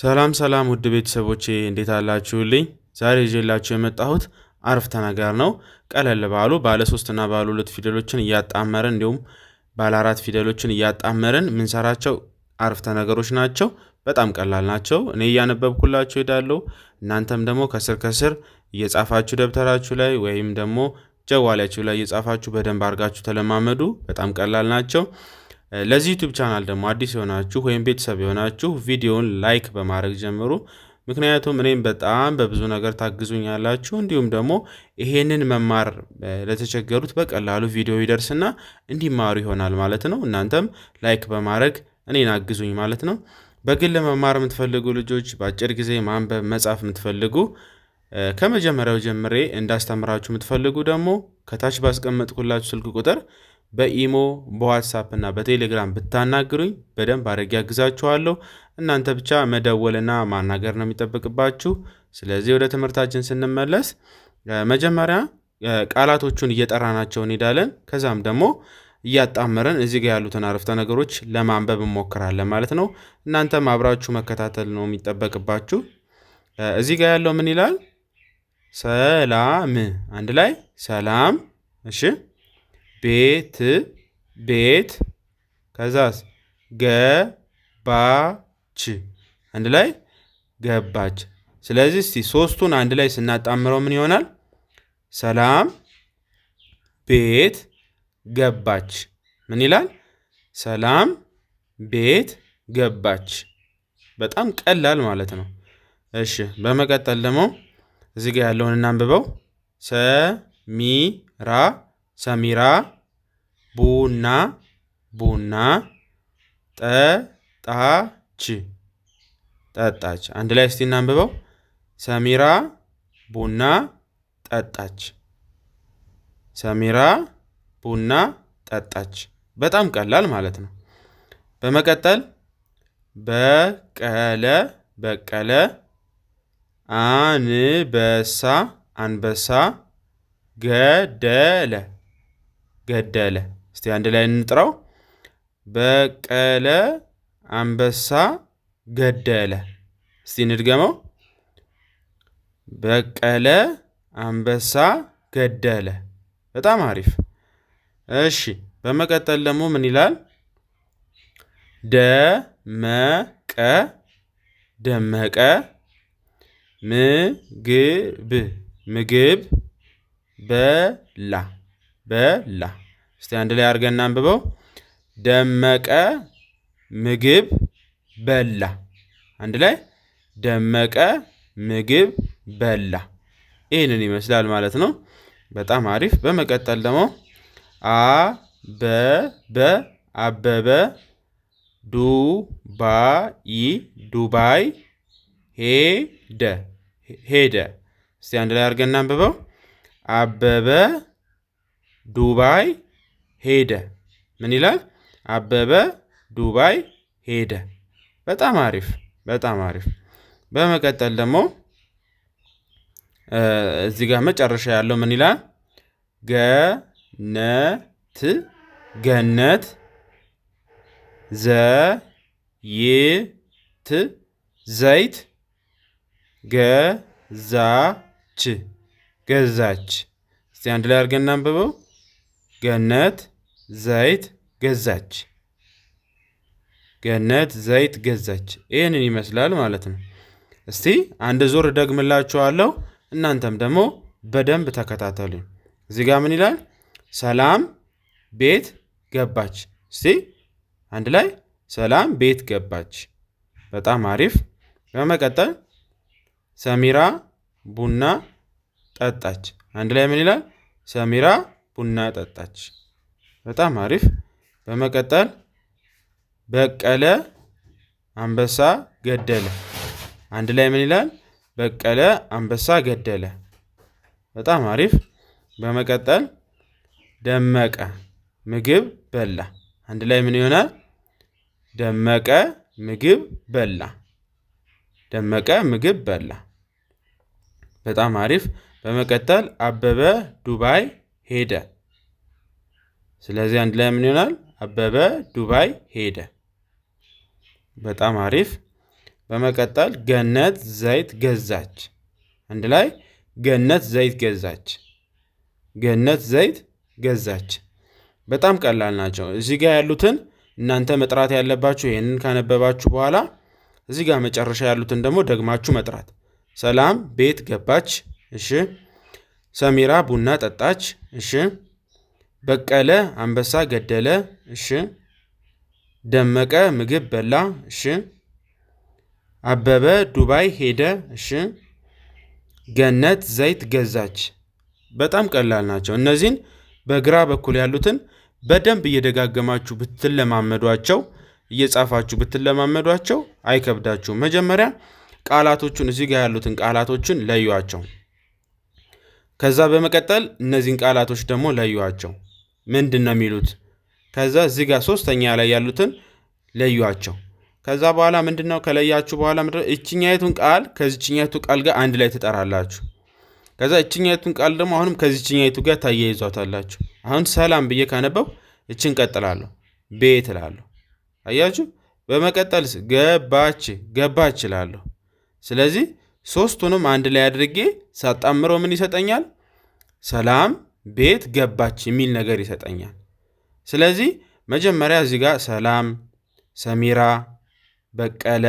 ሰላም ሰላም ውድ ቤተሰቦቼ እንዴት አላችሁልኝ? ዛሬ ይዤላችሁ የመጣሁት አረፍተ ነገር ነው። ቀለል ባሉ ባለ ሶስትና ባለ ሁለት ፊደሎችን እያጣመረን እንዲሁም ባለ አራት ፊደሎችን እያጣመረን ምንሰራቸው አረፍተ ነገሮች ናቸው። በጣም ቀላል ናቸው። እኔ እያነበብኩላችሁ ሄዳለሁ። እናንተም ደግሞ ከስር ከስር እየጻፋችሁ ደብተራችሁ ላይ ወይም ደግሞ ጀዋላችሁ ላይ እየጻፋችሁ በደንብ አድርጋችሁ ተለማመዱ። በጣም ቀላል ናቸው። ለዚህ ዩቱብ ቻናል ደግሞ አዲስ የሆናችሁ ወይም ቤተሰብ የሆናችሁ ቪዲዮውን ላይክ በማድረግ ጀምሩ። ምክንያቱም እኔም በጣም በብዙ ነገር ታግዙኛላችሁ። እንዲሁም ደግሞ ይሄንን መማር ለተቸገሩት በቀላሉ ቪዲዮ ይደርስና እንዲማሩ ይሆናል ማለት ነው። እናንተም ላይክ በማድረግ እኔን አግዙኝ ማለት ነው። በግል መማር የምትፈልጉ ልጆች፣ በአጭር ጊዜ ማንበብ መጻፍ የምትፈልጉ ከመጀመሪያው ጀምሬ እንዳስተምራችሁ የምትፈልጉ ደግሞ ከታች ባስቀመጥኩላችሁ ስልክ ቁጥር በኢሞ በዋትሳፕ እና በቴሌግራም ብታናግሩኝ በደንብ አድርጌ አግዛችኋለሁ። እናንተ ብቻ መደወልና ማናገር ነው የሚጠበቅባችሁ። ስለዚህ ወደ ትምህርታችን ስንመለስ መጀመሪያ ቃላቶቹን እየጠራናቸው እንሄዳለን። ከዛም ደግሞ እያጣመረን እዚህ ጋር ያሉትን አረፍተ ነገሮች ለማንበብ እንሞክራለን ማለት ነው። እናንተም አብራችሁ መከታተል ነው የሚጠበቅባችሁ። እዚህ ጋር ያለው ምን ይላል? ሰላም አንድ ላይ ሰላም። እሺ ቤት ቤት ከዛስ ገባች አንድ ላይ ገባች። ስለዚህ እስቲ ሶስቱን አንድ ላይ ስናጣምረው ምን ይሆናል? ሰላም ቤት ገባች። ምን ይላል? ሰላም ቤት ገባች። በጣም ቀላል ማለት ነው። እሺ በመቀጠል ደግሞ እዚህ ጋር ያለውን እናንብበው። ሰሚራ ሰሚራ ቡና ቡና ጠጣች ጠጣች። አንድ ላይ እስቲ እናንብበው። ሰሚራ ቡና ጠጣች። ሰሚራ ቡና ጠጣች። በጣም ቀላል ማለት ነው። በመቀጠል በቀለ በቀለ አንበሳ አንበሳ ገደለ ገደለ እስቲ አንድ ላይ እንጥራው። በቀለ አንበሳ ገደለ። እስቲ እንድገመው። በቀለ አንበሳ ገደለ። በጣም አሪፍ። እሺ፣ በመቀጠል ደግሞ ምን ይላል? ደመቀ ደመቀ ምግብ ምግብ በላ በላ እስቲ አንድ ላይ አድርገን እናንብበው። ደመቀ ምግብ በላ። አንድ ላይ ደመቀ ምግብ በላ። ይህንን ይመስላል ማለት ነው። በጣም አሪፍ። በመቀጠል ደግሞ አበበ አበበ ዱባይ ዱባይ ሄደ ሄደ። እስቲ አንድ ላይ አድርገን እናንብበው። አበበ ዱባይ ሄደ። ምን ይላል? አበበ ዱባይ ሄደ። በጣም አሪፍ በጣም አሪፍ። በመቀጠል ደግሞ እዚህ ጋር መጨረሻ ያለው ምን ይላል? ገነት ገነት ዘይት ዘይት ገዛች ገዛች። እስቲ አንድ ላይ አድርገን እናንብበው ገነት ዘይት ገዛች። ገነት ዘይት ገዛች። ይህንን ይመስላል ማለት ነው። እስቲ አንድ ዙር ደግምላችኋለሁ። እናንተም ደግሞ በደንብ ተከታተሉ። እዚህ ጋር ምን ይላል? ሰላም ቤት ገባች። እስቲ አንድ ላይ ሰላም ቤት ገባች። በጣም አሪፍ። በመቀጠል ሰሚራ ቡና ጠጣች። አንድ ላይ ምን ይላል? ሰሚራ ቡና ጠጣች። በጣም አሪፍ። በመቀጠል በቀለ አንበሳ ገደለ። አንድ ላይ ምን ይላል? በቀለ አንበሳ ገደለ። በጣም አሪፍ። በመቀጠል ደመቀ ምግብ በላ። አንድ ላይ ምን ይሆናል? ደመቀ ምግብ በላ። ደመቀ ምግብ በላ። በጣም አሪፍ። በመቀጠል አበበ ዱባይ ሄደ። ስለዚህ አንድ ላይ ምን ይሆናል? አበበ ዱባይ ሄደ። በጣም አሪፍ። በመቀጠል ገነት ዘይት ገዛች። አንድ ላይ ገነት ዘይት ገዛች። ገነት ዘይት ገዛች። በጣም ቀላል ናቸው። እዚህ ጋር ያሉትን እናንተ መጥራት ያለባችሁ ይህንን ካነበባችሁ በኋላ እዚህ ጋር መጨረሻ ያሉትን ደግሞ ደግማችሁ መጥራት። ሰላም ቤት ገባች። እሺ። ሰሚራ ቡና ጠጣች። እሺ። በቀለ አንበሳ ገደለ። እሺ። ደመቀ ምግብ በላ። እሺ። አበበ ዱባይ ሄደ። እሺ። ገነት ዘይት ገዛች። በጣም ቀላል ናቸው። እነዚህን በግራ በኩል ያሉትን በደንብ እየደጋገማችሁ ብትለማመዷቸው፣ እየጻፋችሁ ብትለማመዷቸው አይከብዳችሁም። መጀመሪያ ቃላቶቹን እዚህ ጋር ያሉትን ቃላቶችን ለዩዋቸው። ከዛ በመቀጠል እነዚህን ቃላቶች ደግሞ ለዩዋቸው። ምንድን ነው የሚሉት? ከዛ እዚህ ጋር ሶስተኛ ላይ ያሉትን ለዩቸው። ከዛ በኋላ ምንድነው ከለያችሁ በኋላ ምንድነው እችኛይቱን ቃል ከዚችኛይቱ ቃል ጋር አንድ ላይ ትጠራላችሁ። ከዛ እችኛይቱን ቃል ደግሞ አሁንም ከዚችኛይቱ ጋር ታያይዟታላችሁ። አሁን ሰላም ብዬ ካነበብ እችን ቀጥላለሁ፣ ቤት እላለሁ። አያችሁ። በመቀጠል ገባች እላለሁ። ስለዚህ ሶስቱንም አንድ ላይ አድርጌ ሳጣምረው ምን ይሰጠኛል? ሰላም ቤት ገባች የሚል ነገር ይሰጠኛል። ስለዚህ መጀመሪያ እዚህ ጋር ሰላም፣ ሰሚራ፣ በቀለ፣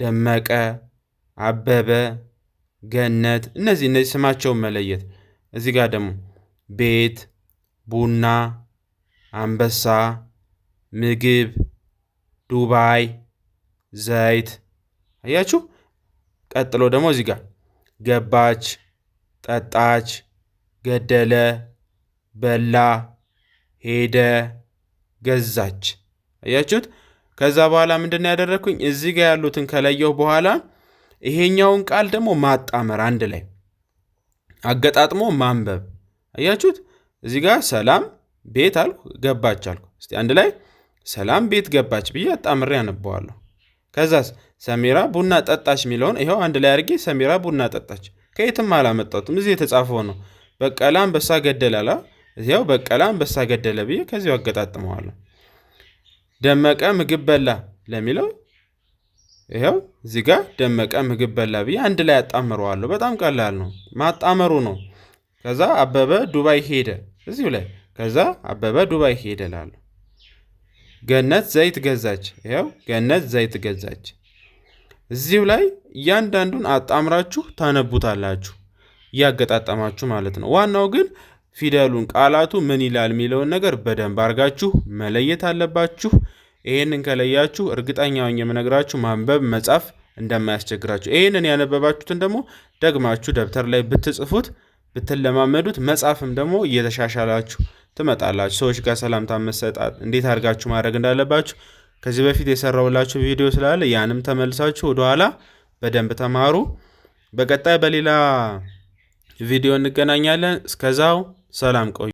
ደመቀ፣ አበበ፣ ገነት እነዚህ እነዚህ ስማቸውን መለየት እዚህ ጋር ደግሞ ቤት፣ ቡና፣ አንበሳ፣ ምግብ፣ ዱባይ፣ ዘይት አያችሁ። ቀጥሎ ደግሞ እዚህ ጋር ገባች፣ ጠጣች ገደለ፣ በላ፣ ሄደ፣ ገዛች። አያችሁት? ከዛ በኋላ ምንድን ያደረግኩኝ እዚህ ጋር ያሉትን ከለየሁ በኋላ ይሄኛውን ቃል ደግሞ ማጣመር አንድ ላይ አገጣጥሞ ማንበብ። አያችሁት? እዚህ ጋር ሰላም ቤት አልኩ፣ ገባች አልኩ። እስቲ አንድ ላይ ሰላም ቤት ገባች ብዬ አጣምሬ አነበዋለሁ። ከዛስ ሰሜራ ቡና ጠጣች የሚለውን ይኸው አንድ ላይ አድርጌ ሰሜራ ቡና ጠጣች። ከየትም አላመጣሁትም፣ እዚህ የተጻፈው ነው። በቀለ አንበሳ ገደለ አላ ያው በቀለ አንበሳ ገደለ ብዬ ከዚያው አገጣጥመዋለሁ። ደመቀ ምግብ በላ ለሚለው ይኸው እዚህ ጋር ደመቀ ምግብ በላ ብዬ አንድ ላይ አጣምረዋለሁ። በጣም ቀላል ነው፣ ማጣመሩ ነው። ከዛ አበበ ዱባይ ሄደ እዚሁ ላይ ከዛ አበበ ዱባይ ሄደ ላሉ። ገነት ዘይት ገዛች፣ ይኸው ገነት ዘይት ገዛች። እዚሁ ላይ እያንዳንዱን አጣምራችሁ ታነቡታላችሁ። እያገጣጠማችሁ ማለት ነው። ዋናው ግን ፊደሉን ቃላቱ ምን ይላል የሚለውን ነገር በደንብ አድርጋችሁ መለየት አለባችሁ። ይህንን ከለያችሁ እርግጠኛ ሆኜ የምነግራችሁ ማንበብ መጻፍ እንደማያስቸግራችሁ። ይህንን ያነበባችሁትን ደግሞ ደግማችሁ ደብተር ላይ ብትጽፉት ብትለማመዱት መጻፍም ደግሞ እየተሻሻላችሁ ትመጣላችሁ። ሰዎች ጋር ሰላምታ መሰጣት እንዴት አድርጋችሁ ማድረግ እንዳለባችሁ ከዚህ በፊት የሰራውላችሁ ቪዲዮ ስላለ ያንም ተመልሳችሁ ወደኋላ በደንብ ተማሩ። በቀጣይ በሌላ ቪዲዮ እንገናኛለን። እስከዛው ሰላም ቆዩ።